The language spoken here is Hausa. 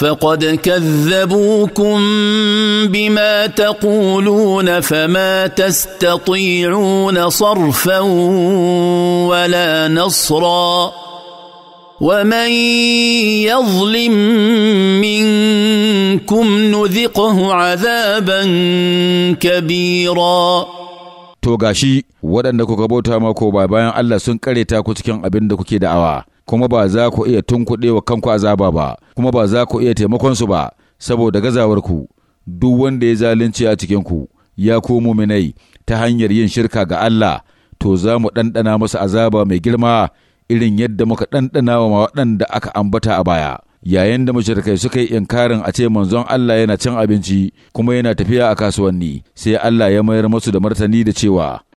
فقد كذبوكم بما تقولون فما تستطيعون صرفا ولا نصرا ومن يظلم منكم نذقه عذابا كبيرا to gashi waɗanda kuka bauta mako ba bayan Allah sun kare ta ku cikin abin da kuke da'awa kuma ba za ku iya tunkuɗe wa kanku azaba ba kuma ba za ku iya taimakon su ba saboda ku duk wanda ya zalunci a cikin ku ya komo minai ta hanyar yin shirka ga Allah to za mu ɗanɗana masa azaba mai girma irin yadda muka ɗanɗana wa waɗanda aka ambata a baya yayin da mushrikai suka yi inkarin a ce manzon Allah yana cin abinci kuma yana tafiya a kasuwanni sai Allah ya mayar musu da martani da cewa